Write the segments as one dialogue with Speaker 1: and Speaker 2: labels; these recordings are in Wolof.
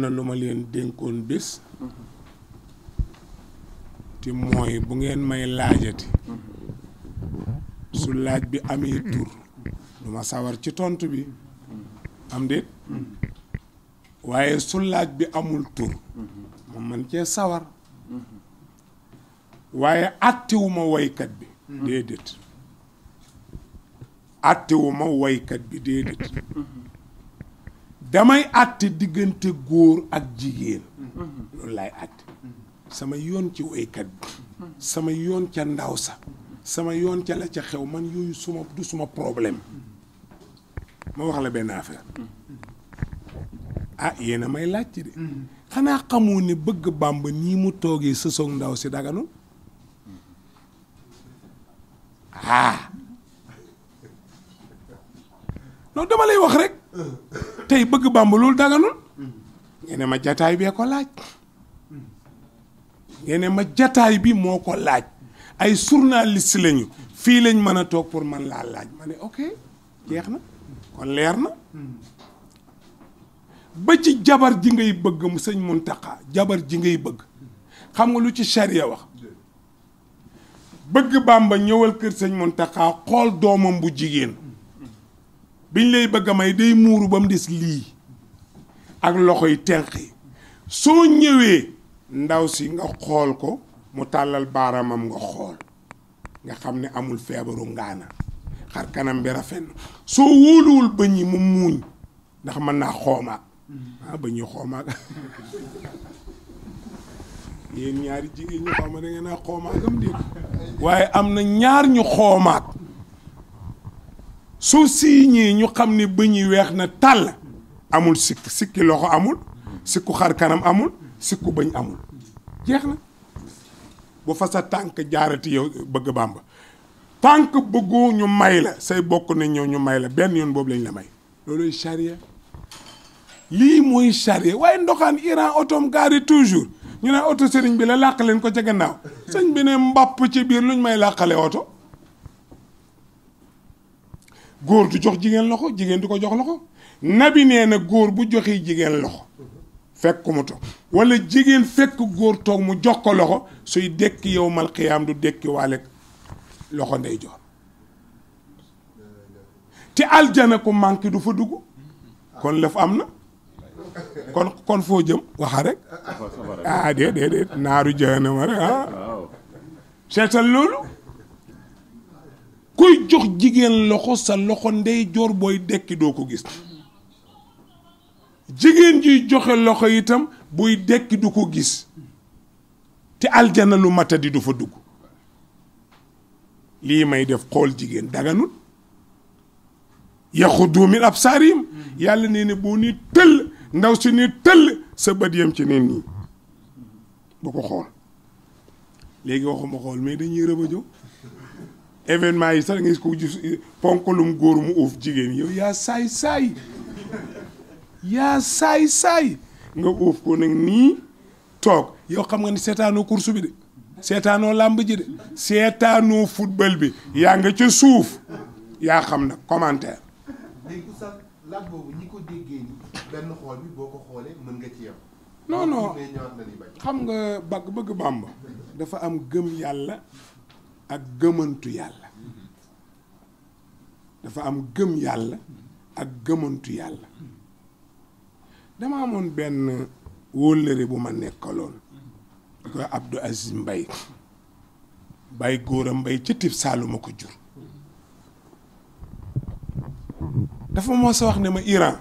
Speaker 1: na lu ma leen dénkoon bés te mooy bu ngeen may laajati su laaj bi amee tur du ma sawar ci tontu bi am déet waaye su laaj bi amul tur ma man cee sawar waaye àttewuma woykat bi déedéet àttewuma woykat bi déedéet damay àtte diggante góor ak jigéen loolu laay àtte sama yoon ci woykat bi sama yoon ca ndaw sa sama yoon ca la ca xew man yooyu suma du suma problème ma wax la benn affaire ah yéen a may laaj ci de xanaa xamoo ne bëgg bàmb nii mu toogee sësoog ndaw si daganul ah bëgg bàmba loolu ma jataay bee ko laaj ngeen ne jataay bi moo ko laaj ay journaliste fii lañ mën a toog pour man laa laaj ma ne ok jeex na kon leer na ba jabar ji ngay jabar ji ngay bëgg xam nga lu ci charia wax bëgg Bàmba ñëwal kër sëñ Muntaxa xool doomam bu jigéen biñ lay bëgg a may day muuru ba mu des lii ak loxo yi tenq yi soo ñëwee ndaw si nga xool ko mu tàllal baaraamam nga xool nga xam ni amul feebaru ngaana xar kanam bi rafet na soo wóoluwul bëñ yi mu muuñ ndax mën naa xoomaak mm-hmm. ah yéen ñaari jigéen ñu xawma da ngeen waaye am na ñaar ñu xoomaak soo siiñee ñu xam ne bëñ yi weex na tàll amul sikk sikki loxo amul sikku xar kanam amul sikku bañ amul jeex na bu fa sa tànk jaarati yow bëgg bàmba tànk bëggu ñu may la say bokk na ñëw ñu may la benn yoon boobu lañ la may looluy charia lii mooy charia waaye ndoxaan Iran otom gaari toujours ñu ne oto sëriñ bi la làq leen ko ca gannaaw sëñ bi ne mbàpp ci biir luñ may làqale oto góor du jox jigéen loxo jigéen du ko jox loxo nabi nee na góor bu joxe jigéen loxo fekk mu toog wala jigéen fekk góor toog mu jox ko loxo suy dekki yow mal xiyaam du dekki waale loxo ndey joor te aljana ku manqué du fa dugg kon lëf am na kon kon foo jëm waxa rek ah déet déet déet naaru jahannama rek ah seetal loolu kuy jox jigéen loxo sa loxo ndeyjoor booy dekki doo ko gis jigéen jiy joxe loxo itam buy dekki du ko gis te aljana lu di du fa dugg lii may def xool jigéen daganut yaxudu min absaarihim yàlla nee ne boo ni tëll ndaw si ni tëll sa bët yam ci neen nii bu ko xool léegi waxuma xool mais dañuy rëbëjoo événement yi sax nga gis ko gis ponkalum góor mu uuf jigéen yow yaa saay saay yaa saay saay nga uuf ko nag nii toog yow xam nga ni seetaanoo course bi de seetaanoo làmb ji de seetaanoo football bi yaa nga ca suuf yaa xam nag commentaire. léegi sax ko déggee xool bi boo ko xoolee mën nga ci yem. non xam nga bëgg bëgg Bàmba dafa am gëm yàlla ak gëmantu yàlla dafa am gëm yàlla ak gëmantu yàlla. dama amoon benn wóllëre bu ma nekkaloon bu koy Abdou Aziz Mbaye Baye Góora Mbaye ci tib saaluma ko jur dafa moo sa wax ne ma Iran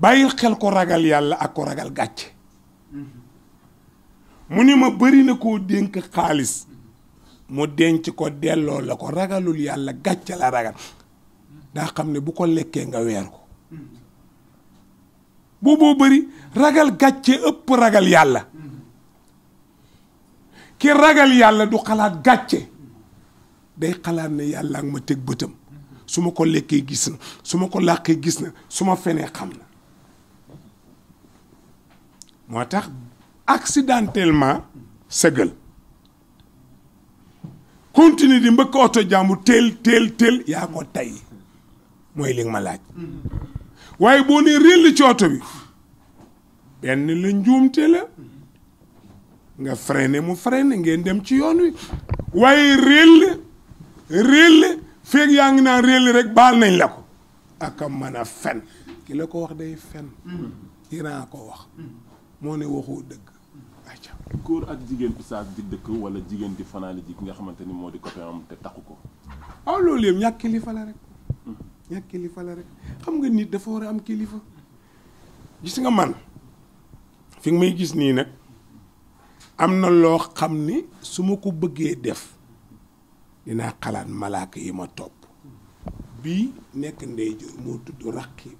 Speaker 1: bàyyil xel ko ragal yàlla ak ko ragal gàcce mu ni ma bari na koo dénk xaalis mu denc ko delloo la ko ragalul yàlla gàcce la ragal daa xam ne bu ko lekkee nga weer ko booboo bari ragal gàcce ëpp ragal yàlla ki ragal yàlla du xalaat gàcce day xalaat ne yàlla ak ma teg bëtam su ma ko lekkee gis na su ma ko làqee gis na su ma fenee xam na moo tax accidentellement sëgal continue di mbëkk oto jàmbu teel teel teel yaa ko tey mooy li nga ma laaj waaye boo ne réll ci oto bi benn la njuumte la nga freiné mu freiné ngeen dem ci yoon wi waaye réll réll feeg yaa ngi naan réll rek baal nañ la ko aka mën a fen ki la ko wax day fen Iran ko wax moo ne waxoo dëkk góor ak jigéen bi saag di dëkk wala jigéen di fanaali ji ki nga xamante ni moo di copain am te taxu ko aw ah, loolu yëpp ñàkk kilifa la rek ñàkk xam nga nit dafa war a am kilifa gis nga man fi nga may gis nii nag am na loo xam ni su ma ko bëggee def dinaa xalaat malaaka yi ma topp bii nekk ndeyjoor moo tudd raqib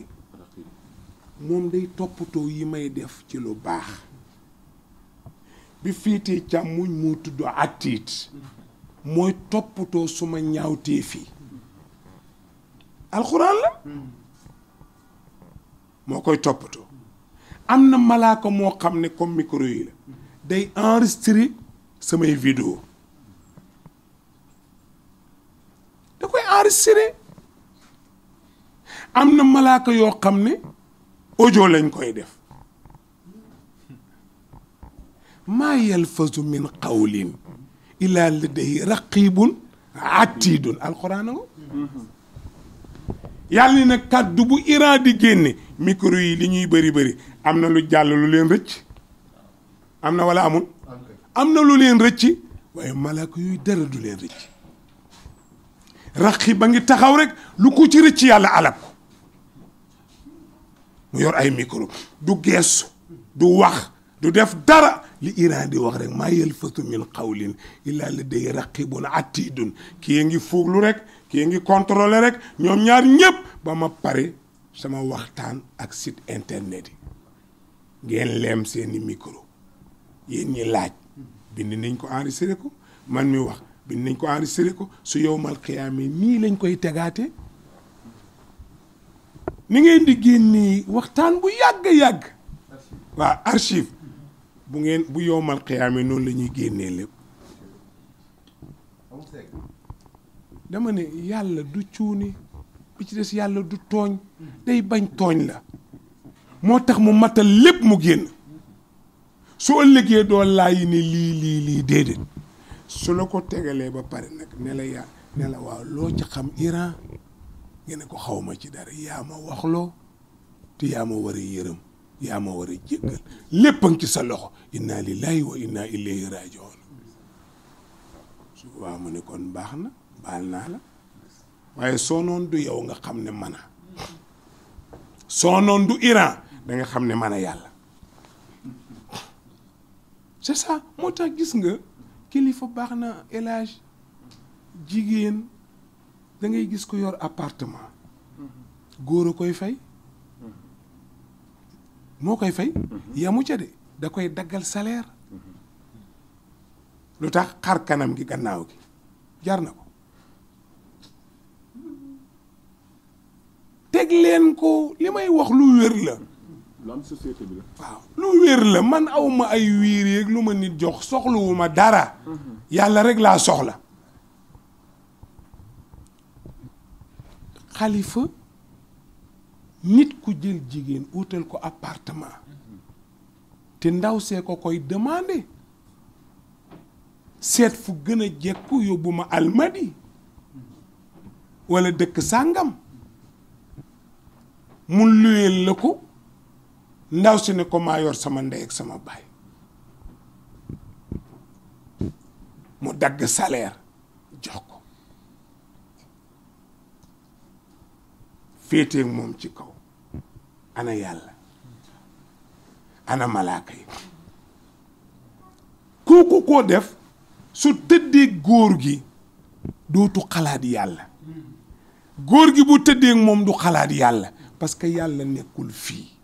Speaker 1: mhm. moom day toppatoo yi may def ci lu baax bi féetee càmmuñ moo tudd àttiit mhm. mooy toppatoo suma ñaawtee fii alxuraan la moo koy toppatoo am na malaaka moo xam ne comme micro yi la day samay vidéo da koy enregistrer am na malaaka yoo xam ne audio lañ koy def maa yalfazu min qawlin illaa ladayhi raqibun atidun alxuraan nga yàlla ni nag kàddu bu Iran di génne micro yi li ñuy bëri bëri am na lu jàll lu leen rëcc am na wala amul am na lu leen rëcc waaye malaaka yuy dara du leen rëcc raqi ba ngi taxaw rek lu ko ci rëcc yàlla alab mu yor ay micro du geesu du wax du def dara li Iran di wax rek maa yalfasu min qawlin illaa ladayhi raqibun atidun kii ngi fuuglu rek kii ngi contrôlé rek ñoom ñaar ñëpp ba ma pare sama waxtaan ak sit internet yi ngeen leem seeni micro yéen ñi laaj bind nañ ko enregistré ko man mi wax bind nañ ko enregistré ko su yowmal xiyaame nii lañ koy tegaatee ni ngeen di génnee waxtaan bu yàgg yàgg waa archive bu ngeen bu yowmal xiyaame noonu la ñuy génnee lépp dama ne yàlla du cuuni bi ci des yàlla du tooñ day bañ tooñ la moo tax mu matal lépp mu génn soo ëllëgee doo laayi ne lii lii lii déedéet su la ko tegalee ba pare nag ne ne la waaw loo ci xam Iran ngeen ne ko xawma ci dara yaa ma waxloo te yaa ma war a yërëm yaa ma war a jéggal lépp ci sa loxo inna lillahi wa inna ilayhi rajiun su boobaa mu ne kon baax na baal naa la waaye soo noon du yow nga xam ne mana soo noon du Iran danga xam ne man yàlla c'est ça moo tax gis nga kilifa baax na élage jigéen da ngay gis ko yor appartement góor a koy fay moo koy fay yamu ca de da koy daggal saleer lu tax xar kanam gi gannaaw gi jar na ko teg leen ko li may wax lu wér la lu waaw lu wér la man awma ay wiir yeeg lu ma nit jox soxluwu ma dara yàlla rek laa soxla xalifa nit ku jël jigéen wutal ko appartement te ndaw see ko koy demandé seet fu gën a jekku yóbbu ma almadi walla dëkk sàngam mu luyeel la ko ndaw si ne ko maa yor sama ndey ak sama baay mu dagg salaire jox ko féeteeg moom ci kaw ana yàlla ana malaaka yi kooku koo def su tëddee góor gi dootu xalaat yàlla góor gi bu tëddee moom du xalaat yàlla parce que yàlla nekkul fii